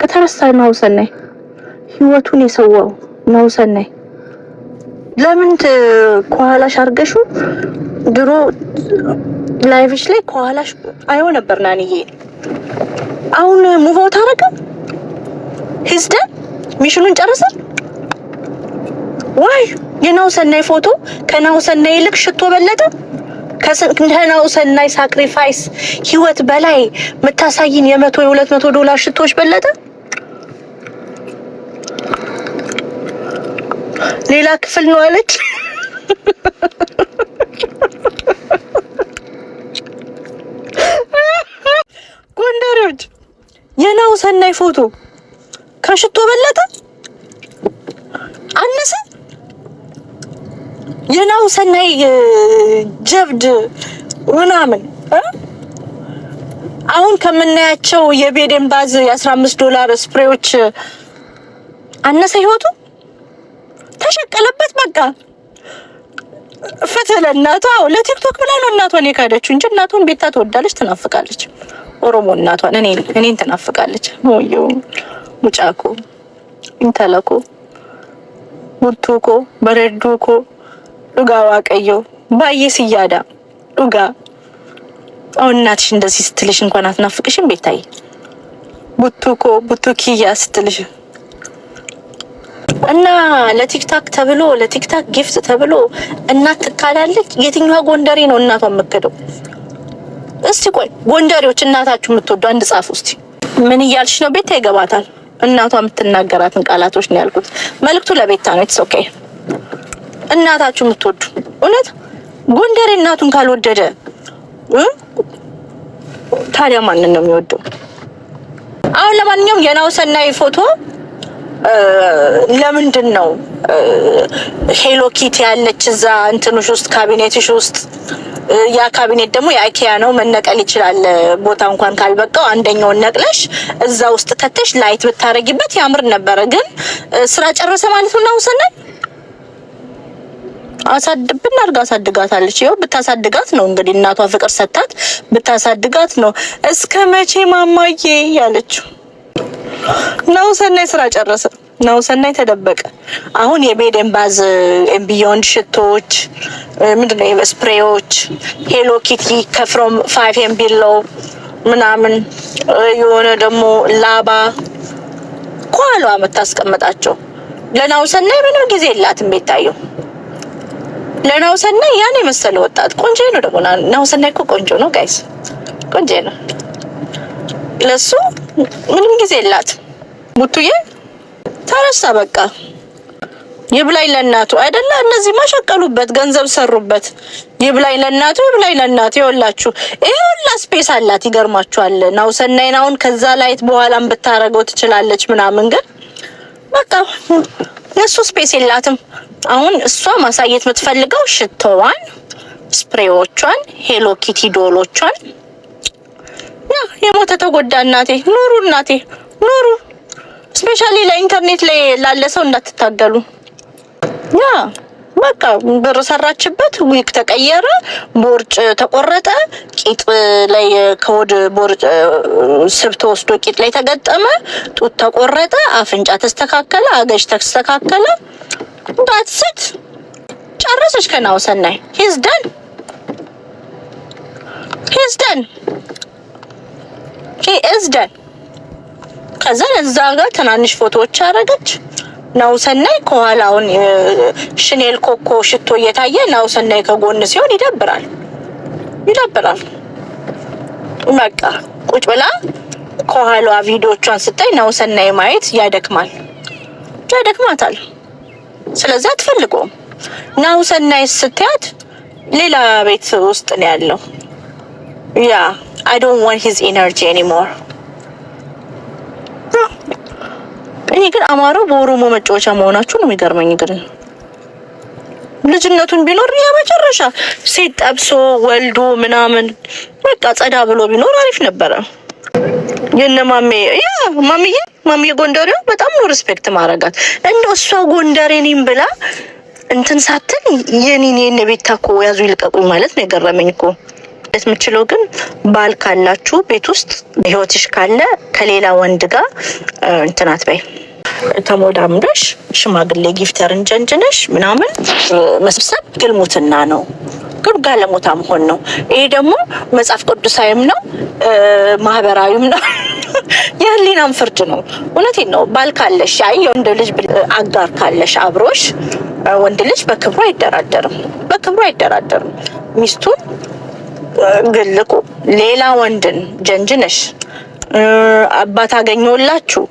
በቃ ተረሳ ነው ህይወቱን የሰዋው ነው ሰናይ። ለምን ከኋላሽ አርገሹ ድሮ ላይቭሽ ላይ ከኋላሽ አይሆ ነበር ናንዬ። አሁን ሙቭ አውት አደረገ ሂዝደ ሚሽኑን ጨርሰ ዋይ የናው ሰናይ ፎቶ ከናው ሰናይ ይልቅ ሽቶ በለጠ። ከናው ሰናይ ሳክሪፋይስ ህይወት በላይ የምታሳይን የመቶ የሁለት መቶ ዶላር ሽቶች በለጠ። ሌላ ክፍል ነው አለች። ጎንደሮች የናው ሰናይ ፎቶ ከሽቶ በለጠ አነሰ። የናው ሰናይ ጀብድ ምናምን አሁን ከምናያቸው የቤደንባዝ የ15 ዶላር ስፕሬዎች አነሰ ህይወቱ። ተሸቀለበት። በቃ ፍትህ ለእናቷ ለቲክቶክ ብላ ነው እናቷን የካደችው እንጂ እናቷን ቤታ ትወዳለች፣ ትናፍቃለች። ኦሮሞ እናቷን እኔን ትናፍቃለች። ሞዩ ሙጫኮ ኢንተለኮ ቡቱኮ በረዱኮ ዱጋ ዋቀዮ ባየ ስያዳ ዱጋ አሁን እናትሽ እንደዚህ ስትልሽ እንኳን አትናፍቅሽም ቤታዬ? ቡቱኮ ቡቱኪያ ስትልሽ እና ለቲክታክ ተብሎ ለቲክታክ ጊፍት ተብሎ እናት ትካዳለች። የትኛዋ ጎንደሬ ነው እናቷ የምከደው? እስቲ ቆይ ጎንደሬዎች እናታችሁ የምትወዱ አንድ ጻፉ እስቲ። ምን እያልሽ ነው? ቤታ ይገባታል። እናቷ የምትናገራትን ቃላቶች ነው ያልኩት። መልእክቱ ለቤታ ነው። ኢትስ ኦኬ። እናታችሁ የምትወዱ እውነት ጎንደሬ እናቱን ካልወደደ ታዲያ ማንን ነው የሚወደው? አሁን ለማንኛውም የናሁሰናይ ፎቶ ለምንድን ነው ሄሎ ኪቲ ያለች እዛ እንትንሽ ውስጥ ካቢኔትሽ ውስጥ? ያ ካቢኔት ደግሞ የአይኪያ ነው፣ መነቀል ይችላል። ቦታ እንኳን ካልበቃው አንደኛውን ነቅለሽ እዛ ውስጥ ተተሽ ላይት ብታረጊበት ያምር ነበረ። ግን ስራ ጨረሰ ማለት ነው። እናውሰናል አሳድብን አድርጋ አሳድጋታለች። ይኸው ብታሳድጋት ነው እንግዲህ እናቷ ፍቅር ሰታት ብታሳድጋት ነው እስከ መቼ ማማዬ ያለችው። ሰናይ ስራ ጨረሰ። ሰናይ ተደበቀ። አሁን የሜድ ኤምባዝ ኤምቢዮንድ ሽቶዎች ምንድነው ስፕሬዎች፣ ሄሎ ኪቲ ከፍሮም ፋይቭ ኤምቢሎ ምናምን የሆነ ደግሞ ላባ ኳሏ የምታስቀምጣቸው ሰናይ ምንም ጊዜ የላትም የሚታየው ሰናይ ያን የመሰለ ወጣት ቆንጆ ነው። ደግሞ ናሁሰናይ እኮ ቆንጆ ነው ጋይስ፣ ቆንጆ ነው። ለሱ ምንም ጊዜ የላት ቡቱዬ ተረሳ በቃ ይብላኝ ለእናቱ አይደለ? እነዚህ ማሸቀሉበት ገንዘብ ሰሩበት። ይብላኝ ለእናቱ ይብላኝ ለእናቱ ይወላችሁ፣ ይሄ ሁላ ስፔስ አላት። ይገርማችኋል። ናው ሰናይን አሁን ከዛ ላይት በኋላም ብታረገው ትችላለች ምናምን፣ ግን በቃ የሱ ስፔስ የላትም። አሁን እሷ ማሳየት የምትፈልገው ሽቶዋን፣ ስፕሬዎቿን፣ ሄሎ ኪቲ ዶሎቿን የሞተ ተጎዳ። እናቴ ኑሩ፣ እናቴ ኑሩ። ስፔሻሊ ለኢንተርኔት ላይ ላለ ሰው እንዳትታገሉ። ያ በቃ ብር ሰራችበት፣ ዊክ ተቀየረ፣ ቦርጭ ተቆረጠ፣ ቂጥ ላይ ከወድ ቦርጭ ስብ ተወስዶ ቂጥ ላይ ተገጠመ፣ ጡት ተቆረጠ፣ አፍንጫ ተስተካከለ፣ አገጭ ተስተካከለ። ዳትስት ጨረሰች። ከናውሰናይ ሂዝ ደን ሂዝ ደን እዝደን ከዛ እዛ ጋር ትናንሽ ፎቶዎች አረገች። ሰናይ ከኋላውን ሽኔል ኮኮ ሽቶ እየታየ ሰናይ ከጎን ሲሆን ይደብራል፣ ይደብራል። በቃ ቁጭ ብላ ከኋላዋ ቪዲዮቿን ስታይ ሰናይ ማየት ያደክማል፣ ያደክማታል። ስለዚህ አትፈልገውም። ሰናይ ስትያት ሌላ ቤት ውስጥ ነው ያለው ያ አይ ዶንት ዋንት ሂዝ ኢነርጂ ኤኒሞር። እኔ ግን አማራው በኦሮሞ መጫወቻ መሆናችሁ ነው የሚገርመኝ። ግን ልጅነቱን ቢኖር ያ ሴት ጠብሶ ወልዶ ምናምን በቃ ጸዳ ብሎ ቢኖር አሪፍ ነበረ። የነ ማሜ ያ ማሚዬ ማሚዬ ጎንደሬው በጣም ነው ሪስፔክት ማረጋት። እንደው እሷ ጎንደሬ ነኝ ብላ እንትን ሳትን የኔን የነ ቤታ እኮ ያዙ ይልቀቁኝ ማለት ነው የገረመኝ እኮ ማግኘት የምችለው ግን ባል ካላችሁ ቤት ውስጥ በህይወትሽ ካለ ከሌላ ወንድ ጋር እንትን አትበይ። ተሞዳምደሽ ሽማግሌ ጊፍተር እንጀንጅነሽ ምናምን መሰብሰብ ግልሙትና ነው፣ ግን ጋለሞታ መሆን ነው። ይሄ ደግሞ መጽሐፍ ቅዱሳዊም ነው ማህበራዊም ነው። የህሊናም ፍርድ ነው። እውነቴን ነው። ባል ካለሽ ያ የወንድ ልጅ አጋር ካለሽ አብሮሽ ወንድ ልጅ በክብሩ አይደራደርም፣ በክብሩ አይደራደርም። ሚስቱን ግልቁ ሌላ ወንድን ጀንጅነሽ አባት አገኘውላችሁ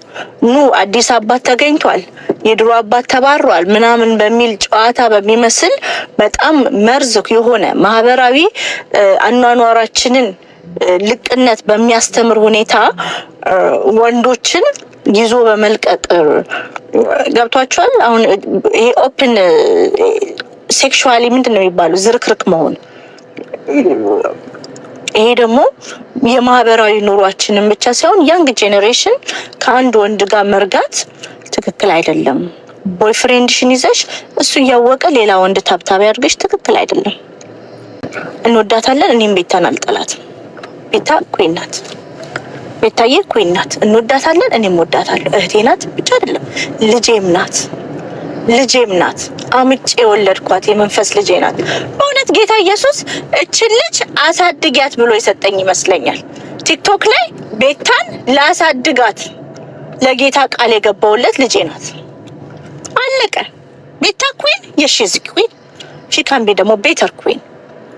ኑ አዲስ አባት ተገኝቷል፣ የድሮ አባት ተባሯል ምናምን በሚል ጨዋታ በሚመስል በጣም መርዝ የሆነ ማህበራዊ አኗኗራችንን ልቅነት በሚያስተምር ሁኔታ ወንዶችን ይዞ በመልቀጥ ገብቷቸዋል። አሁን ይሄ ኦፕን ሴክሹዋሊ ምንድን ነው የሚባለው ዝርክርክ መሆን ይሄ ደግሞ የማህበራዊ ኑሯችንን ብቻ ሳይሆን ያንግ ጄኔሬሽን ከአንድ ወንድ ጋር መርጋት ትክክል አይደለም። ቦይፍሬንድሽን ይዘሽ እሱ እያወቀ ሌላ ወንድ ታብታቢ አድርገሽ ትክክል አይደለም። እንወዳታለን። እኔም ቤታን አልጠላትም። ቤታ ኩን ናት። ቤታዬ ኩን ናት። እንወዳታለን። እኔም ወዳታለሁ። እህቴ ናት ብቻ አይደለም ልጄም ናት። ልጄም ናት። አምጬ የወለድኳት የመንፈስ ልጄ ናት። በእውነት ጌታ ኢየሱስ እችን ልጅ አሳድጊያት ብሎ የሰጠኝ ይመስለኛል። ቲክቶክ ላይ ቤታን ላሳድጋት ለጌታ ቃል የገባውለት ልጄ ናት። አለቀ። ቤታ ኩን የሺዝ ኩን ሺካምቤ ደግሞ ቤተር ኩን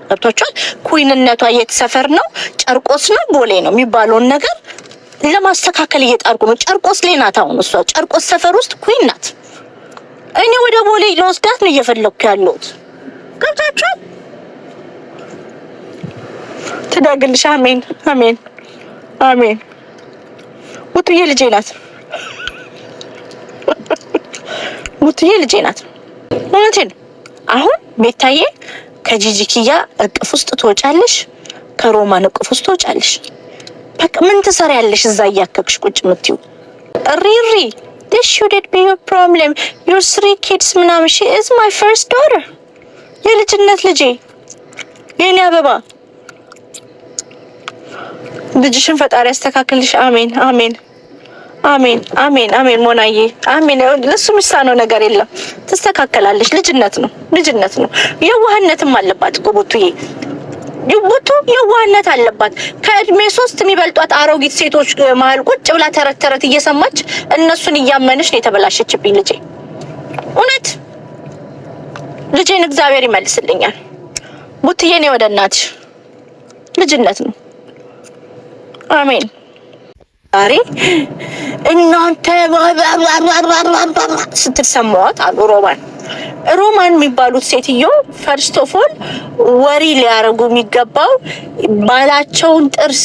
ገብቷቸዋል። ኩንነቷ የት ሰፈር ነው? ጨርቆስ ነው ቦሌ ነው የሚባለውን ነገር ለማስተካከል እየጣርኩ ነው። ጨርቆስ ላይ ናት አሁን እሷ ጨርቆስ ሰፈር ውስጥ ኩን ናት። እኔ ወደ ቦሌ ለወስዳት ነው እየፈለኩ ያለሁት። ገብታችሁ ትዳግልሽ። አሜን፣ አሜን፣ አሜን። ውትዬ ልጄ ናት፣ ውትዬ ልጄ ናት። እውነቴን አሁን ቤታዬ ከጂጂኪያ እቅፍ ውስጥ ትወጫለሽ፣ ከሮማን እቅፍ ውስጥ ትወጫለሽ። በቃ ምን ትሰሪያለሽ እዛ እያከክሽ ቁጭ የምትይው ሪሪ this shouldn't be your problem your three kids ምናምን she is my first daughter የልጅነት ልጄ የኔ አበባ ልጅሽን ፈጣሪ ያስተካክልሽ። አሜን አሜን አሜን አሜን አሜን። ሞናዬ አሜን። ለሱ የሚሳነው ነገር የለም። ትስተካከላለች። ልጅነት ነው፣ ልጅነት ነው። የዋህነትም አለባት እኮ ቦቱዬ ጅቡቱ የዋህነት አለባት። ከእድሜ ሶስት የሚበልጧት አሮጊት ሴቶች መሀል ቁጭ ብላ ተረት ተረት እየሰማች እነሱን እያመነች ነው የተበላሸችብኝ ልጄ። እውነት ልጄን እግዚአብሔር ይመልስልኛል። ቡትዬን ወደ እናትሽ ልጅነት ነው። አሜን። ዛሬ እናንተ ስትል ሰማዋት አሉ ሮማን የሚባሉት ሴትዮ ፈርስት ኦፍ ኦል ወሪ ሊያደርጉ የሚገባው ባላቸውን ጥርስ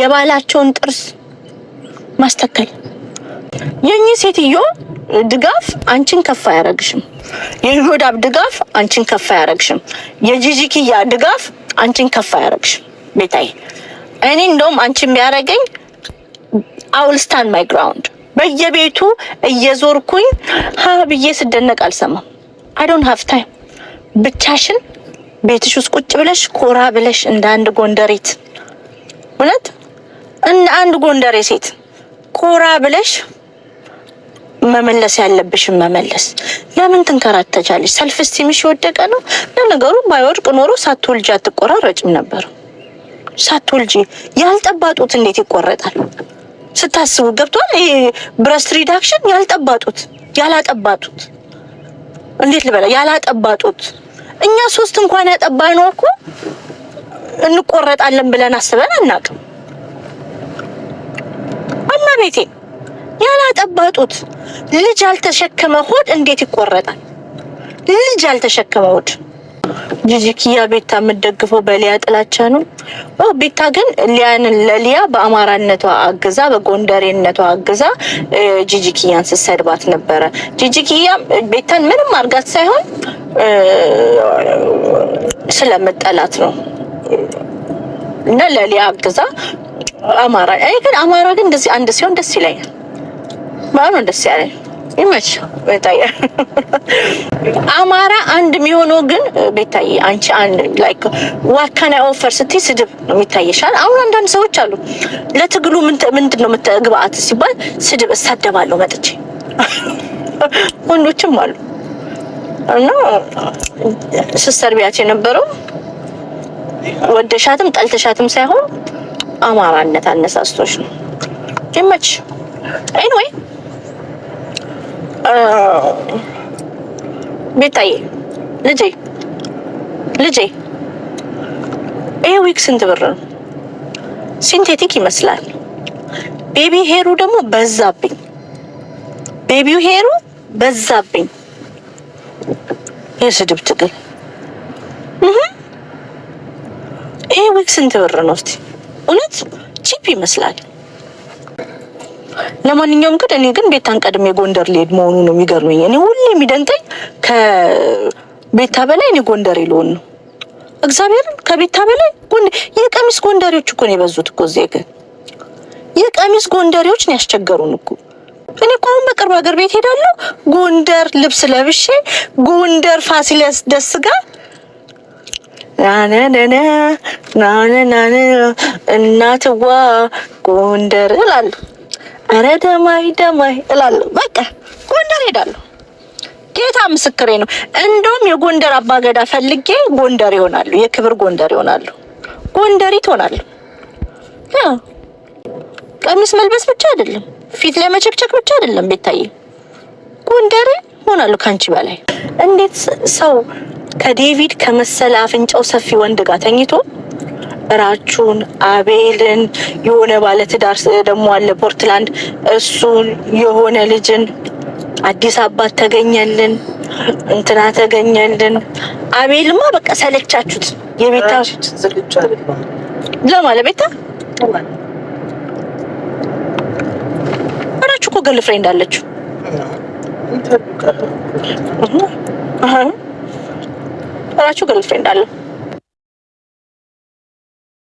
የባላቸውን ጥርስ ማስተከል። የኚህ ሴትዮ ድጋፍ አንቺን ከፍ አያረግሽም። የይሁዳብ ድጋፍ አንቺን ከፍ አያረግሽም። የጂጂኪያ ድጋፍ አንቺን ከፍ አያረግሽም። ቤታይ እኔ እንደውም አንቺን ቢያረገኝ አውል ስታንድ ማይ ግራውንድ በየቤቱ እየዞርኩኝ ሀ ብዬ ስደነቅ አልሰማም። አይዶን ሀፍ ታይም ብቻሽን ቤትሽ ውስጥ ቁጭ ብለሽ ኮራ ብለሽ እንደ አንድ ጎንደሬት እውነት እንደ አንድ ጎንደሬ ሴት ኮራ ብለሽ መመለስ ያለብሽን መመለስ። ለምን ትንከራተቻለሽ? ሰልፍ ስቲምሽ የወደቀ ነው። ለነገሩ ባይወድቅ ኖሮ ሳትወልጂ አትቆራረጭም ነበር። ሳትወልጂ ያልጠባ ጡት እንዴት ይቆረጣል? ስታስቡ ገብቷል። ይሄ ብረስት ሪዳክሽን ያልጠባጡት ያላጠባጡት እንዴት ልበላ ያላጠባጡት እኛ ሶስት እንኳን ያጠባ ነው እኮ እንቆረጣለን ብለን አስበን አናውቅም። እና ቤቴ ያላጠባጡት ልጅ ያልተሸከመ ሆድ እንዴት ይቆረጣል? ልጅ ያልተሸከመ ሆድ ጂጂ ኪያ ቤታ የምትደግፈው በሊያ ጥላቻ ነው። ቤታ ግን ሊያን ለሊያ በአማራነቷ አግዛ በጎንደሬነቷ አግዛ ጂጂ ኪያን ስትሰድባት ነበረ። ጂጂ ቤታን ምንም አርጋት ሳይሆን ስለምጠላት ነው እና ለሊያ አግዛ አማራ። አይ ግን አማራ ግን እንደዚህ አንድ ሲሆን ደስ ይለኛል። ማነው ደስ ያለኝ ይመች ቤታዬ። አማራ አንድ የሚሆነው ግን ቤታዬ አንቺ አንድ ላይክ ዋት ካን አይ ኦፈር ስትይ ስድብ ነው የሚታየሻል። አሁን አንዳንድ ሰዎች አሉ ለትግሉ ምንድን ነው ግብአት ሲባል ስድብ እሳደባለሁ መጥቼ ወንዶችም አሉ እና ስሰር ቢያቸው የነበረው ወደሻትም ጠልተሻትም ሳይሆን አማራነት አነሳስቶች ነው። ይመች ኤኒዌይ ቤታዬ ልጄ ልጄ ይሄ ዊግ ስንት ብር ነው? ሲንቴቲክ ይመስላል። ቤቢ ሄሩ ደግሞ በዛብኝ። ቤቢው ሄሩ በዛብኝ። የስድብ ትግል። ይሄ ዊግ ስንት ብር ነው? እስቲ እውነት ቺፕ ይመስላል። ለማንኛውም ግን እኔ ግን ቤታን ቀድሜ ጎንደር ልሄድ መሆኑ ነው የሚገርመኝ። እኔ ሁሌ የሚደንቀኝ ከቤታ በላይ እኔ ጎንደር ልሆን ነው። እግዚአብሔር ከቤታ በላይ የቀሚስ ጎንደሬዎች እኮ ነው የበዙት እኮ እዚህ ግን የቀሚስ ጎንደሬዎች ነው ያስቸገሩን እኮ። እኔ እኮ አሁን በቅርብ ሀገር ቤት ሄዳለሁ ጎንደር ልብስ ለብሼ ጎንደር ፋሲለስ ደስ ጋር ናነነ እናትዋ ጎንደር እላለሁ። ኧረ ደማይ ደማይ እላለሁ። በቃ ጎንደር ሄዳለሁ። ጌታ ምስክሬ ነው። እንደውም የጎንደር አባገዳ ፈልጌ ጎንደር ይሆናሉ። የክብር ጎንደር ይሆናሉ። ጎንደሪት ሆናለሁ። ቀሚስ መልበስ ብቻ አይደለም፣ ፊት ላይ መቸክቸክ ብቻ አይደለም። ቤታዬ ጎንደሬ ሆናለሁ ከአንቺ በላይ። እንዴት ሰው ከዴቪድ ከመሰለ አፍንጫው ሰፊ ወንድ ጋር ተኝቶ ራቹን አቤልን የሆነ ባለትዳር ደግሞ አለ ፖርትላንድ፣ እሱን የሆነ ልጅን አዲስ አባት ተገኘልን፣ እንትና ተገኘልን። አቤልማ በቃ ሰለቻችሁት። የቤታ ለማለ ቤታ ራቹ እኮ ገል ፍሬንድ ራቹ ገል ፍሬንድ